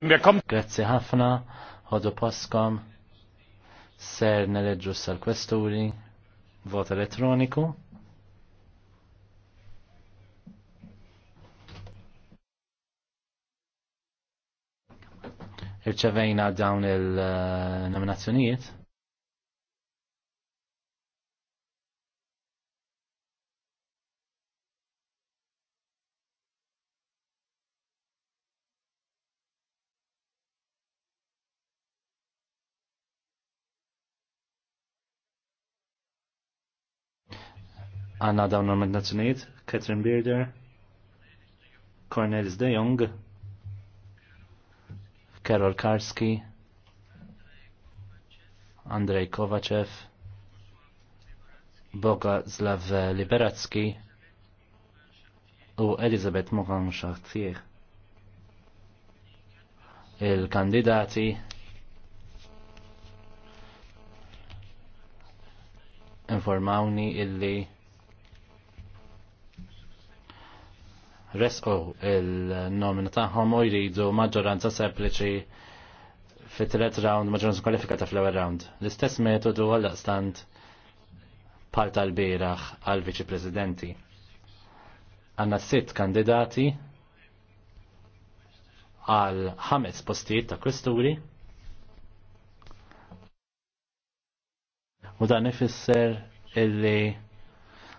Grazzi ħafna, ħodu poskom, ser neleġġu sal-kwesturi, vot elettroniku. Irċevejna dawn il-nominazzjonijiet. Eh, Anna dawn nominazzjonijiet, Catherine Bearder, Cornelis de Jong, Karol Karski, Andrej Kovacev, Boga Zlav Liberacki u Elizabeth Mohan Chartier. Il-kandidati informawni illi resqu il-nomina tagħhom u jridu maġġoranza sempliċi fit tret round, maġġoranza kwalifikata fl-ewwel round. L-istess metodu għal stand bħal tal biraħ għal viċi presidenti. Għanna sitt kandidati għal ħames postijiet ta' kwesturi. U dan ifisser illi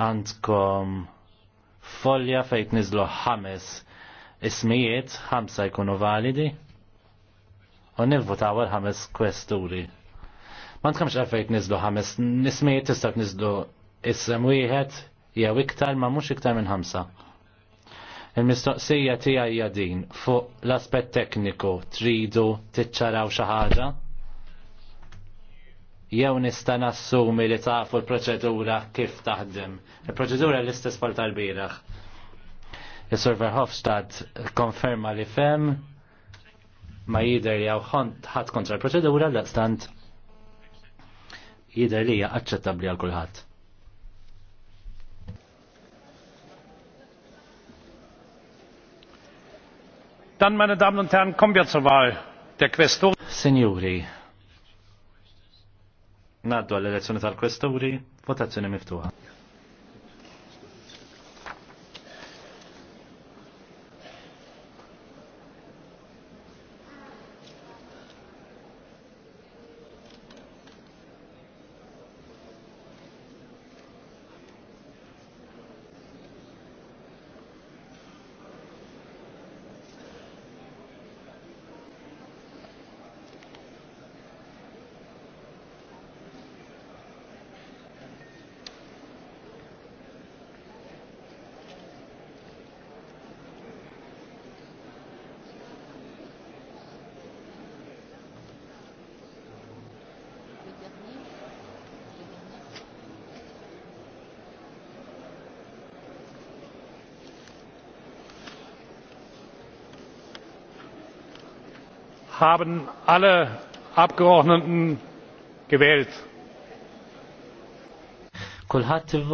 għandkom folja fejt nizlu ħames ismijiet, ħamsa jkunu validi, u nivvotaw ħames kwesturi. Ma tkamx għalfejt nizlu ħames nismijiet tista' nizlu isem wieħed jew iktar ma mhux iktar minn ħamsa. Il-mistoqsija tiegħi hija din fuq l-aspett tekniku tridu tiċċaraw xi ħaġa jew nista' nassumi li tafu l-proċedura kif taħdem. Il-proċedura l-istess pal tal-bieraħ. Is-Sur Verhofstadt konferma li fem ma jider li għaw ħadd kontra l-proċedura l-istant jider li hija aċċettabbli għal kulħadd. Dan meine Damen und Herren, kommen zur Wahl der Questor. Signori, Naddu għall-elezzjoni tal-kwesturi, votazzjoni miftuħa. haben alle Abgeordneten gewählt. Kulħadd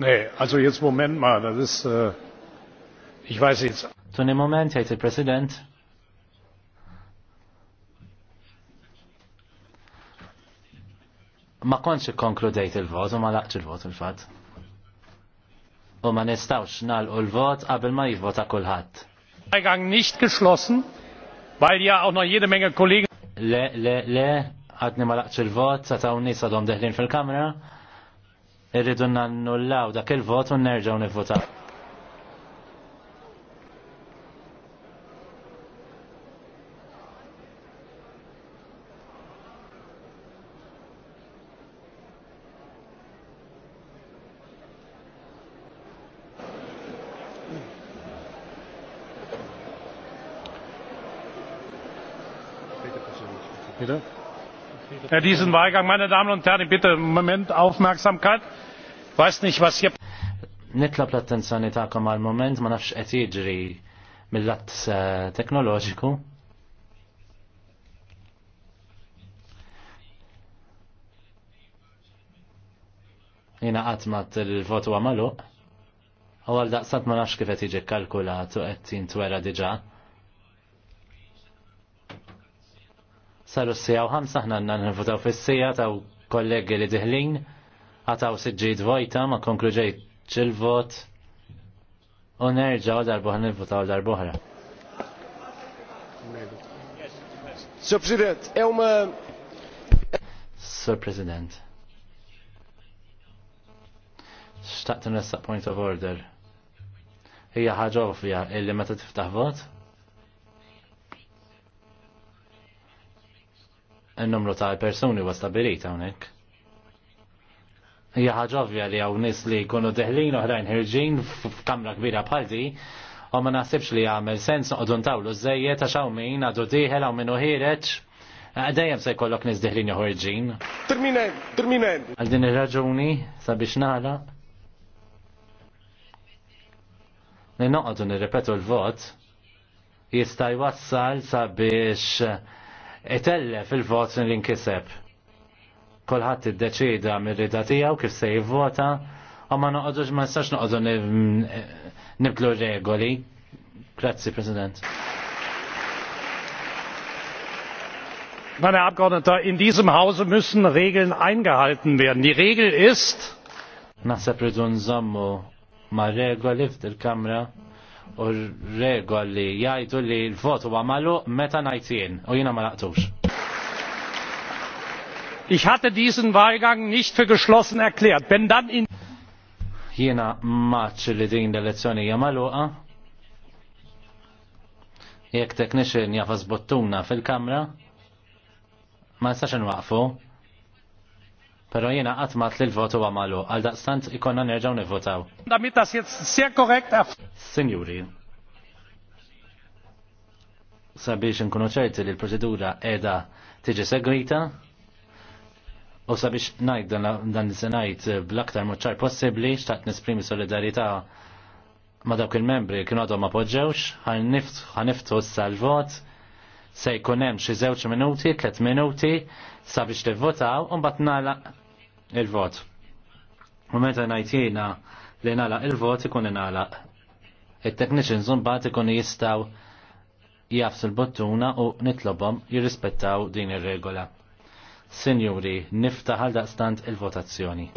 Nee, Moment mal, il-President. Äh, ma konċ konkludejt il-vot, u ma laqċ il-vot il-fat. U ma nistawx nal u l-vot qabel ma jivvota kullħat. Eingang nicht geschlossen, weil ja auch noch jede Menge Kollegen. Le, le, le, għadni ma laqċ il-vot, sa' ta' unisa dom deħlin fil kamera irridu nannullaw dak il-vot u nerġaw nivvotaw. Herr Diesen-Wahlgang, meine Damen und Herren, ich bitte um einen Moment Aufmerksamkeit. Weiß Nitlab l-attenzjoni ta'kom għal moment ma nafx qed jiġri mill-att eh, teknoloġiku. Jina għatmat il-votu għamalu. Għal daqsat ma nafx kif qed jiġi kalkulat u qed jintwera diġà. saru s-sija u ħamsa ħna għanna nivutaw fil-sija ta' kollegi li diħlin ħataw siġġid vojta ma konkluġejt il-vot u nerġa għal nil-vota għal darbuħra. Sir President, ew eh, Sir President. Xtaqt nressaq point of order. Hija ħaġa ovvja illi meta tiftaħ vot, il-numru ta' personi wasta stabilita unek hija ħaġa ovvja li hawn nies li jkunu deħlin oħrajn ħirġin f'kamra kbira bħal di, u ma naħsibx li jagħmel sens noqogħdu ntawlu żejjed għax hawn min għadu dieħel hawn minnu ħireġ. Eh, dejjem se jkollok nies deħlin joħorġin. Terminen, terminen. Għal din ir-raġuni sabiex nagħlaq. Li noqogħdu nirrepetu l-vot jista' jwassal sabiex itellef il-vot li nkiseb kolħat id-deċida mir-rida tijaw kif se jivvota u ma noqodux ma nistax noqodu nibdlu regoli. Grazzi, President. Meine Herr in diesem Hause müssen Regeln eingehalten werden. Die Regel ist. Naħseb rridu nżammu ma' regoli f'dil-Kamra u regoli jgħidu li l-votu huwa magħluq meta ngħid u jiena ma laqtux. Ich hatte diesen Wahlgang nicht für geschlossen erklärt. Wenn dann in jena maċ li din l-elezzjoni hija magħluqa. Jekk technician jafa bottuna fil-kamra, ma nistax inwaqfu Pero jiena qatt ma li l-votu huwa magħluq, għal daqstant ikonna nerġgħu nivvotaw. Damit das jetzt sehr korrekt Sinjuri. Sabiex inkunu ċerti li l-proċedura qiegħda tiġi segwita, U sabiex najt dan nisenajt eh, bl-aktar muċċar possibli, xtaqt nisprimi solidarita ma dawk il-membri kienu għadhom appoġġewx, poġġewx, ħaniftu s-salvot, se jkun hemm xi żewġ minuti, tliet minuti sabiex tivvotaw u mbagħad nagħlaq il-vot. U meta ngħidina li nagħlaq il-vot ikun ingħalaq. It-technicians mbagħad ikunu jistgħu jafsu l-bottuna u nitlobhom jirrispettaw din ir-regola. Sinjuri, niftaħal daqstant il-votazzjoni.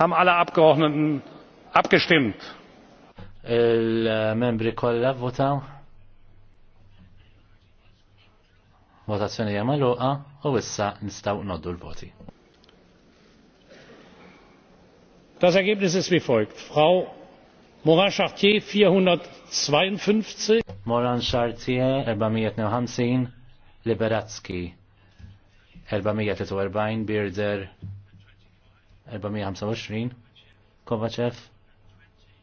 haben alle Abgeordneten abgestimmt? Il-membri kollha votaw. Votazzjoni hija magħluqa u issa nistgħu noddu l-voti. Das Ergebnis ist wie folgt. Frau Moran Chartier 452. Moran Chartier 452. Liberatski 443. Birder 425 Kovacev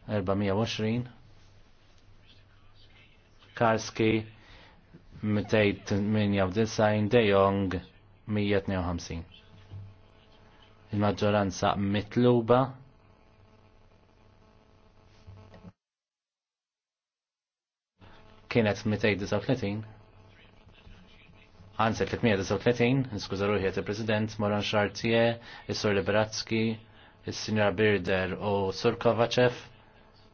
420 Karski 298 De Jong 152 Il-maġġoranza mitluba kienet 239 Anzi 339, niskuza ruħi għet il-President, Moran Xartie, Isur Liberatski, il-Sinjora Birder u Sur Kovacev,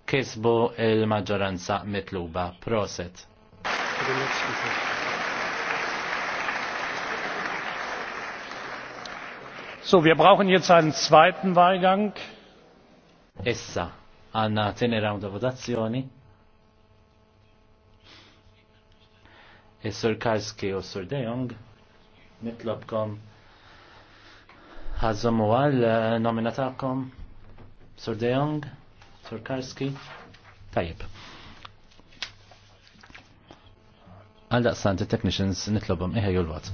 kisbu il-maġġoranza mitluba. Proset. So, wir brauchen jetzt einen zweiten Wahlgang. Issa, għanna tini round votazzjoni. Sir Karski u Sur De Jong nitlobkom ħazzomu għal eh, nominatakom Sur De Jong, Sur Karski, tajib. Għal daqsan, technicians nitlobom iħeju l-wat.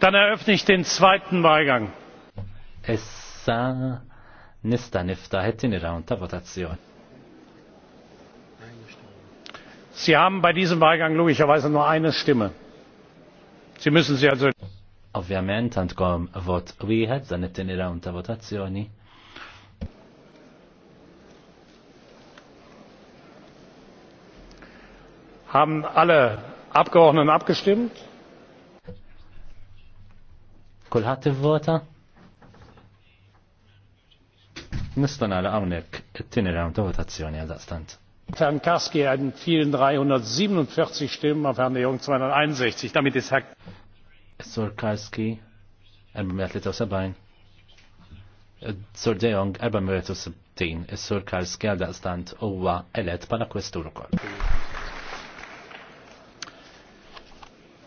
Dann eröffne ich den zweiten Wahlgang. Issa nista nifta it-tieni round ta' votazzjoni. Sie haben bei diesem Wahlgang logischerweise nur eine Stimme. Sie müssen sie also Ovvjament għandkom vot wieħed dan it-tieni round ta' votazzjoni. Haben alle Abgeordneten abgestimmt? t-vota? Nista' nagħlaq għawnek t-tini round ta' votazzjoni għal daqstant. Herrn Kaski hat mit 347 Stimmen auf Herrn Jung 261. Damit ist Herr Sur Kaski 473. Sur de Jong 460. Is-Sur Karski għal daqstant huwa elett bħala kwestur ukoll.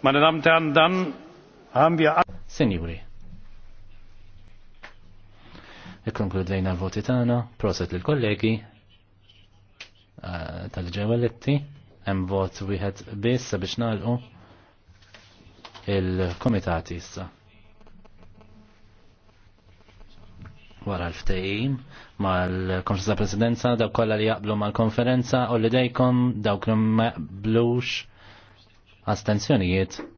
Meine Damen und Herren, dann haben wir Senjuri. Ikkonkludejna l-voti tagħna, proset lill kollegi eh, tal-ġewaletti, hemm vot wieħed biss sabiex nagħlqu il-komitati issa. wara l-ftejim mal-konferenza presidenza dawk kollha li jaqblu mal-konferenza u li dejkom dawk li ma jaqblux astenzjonijiet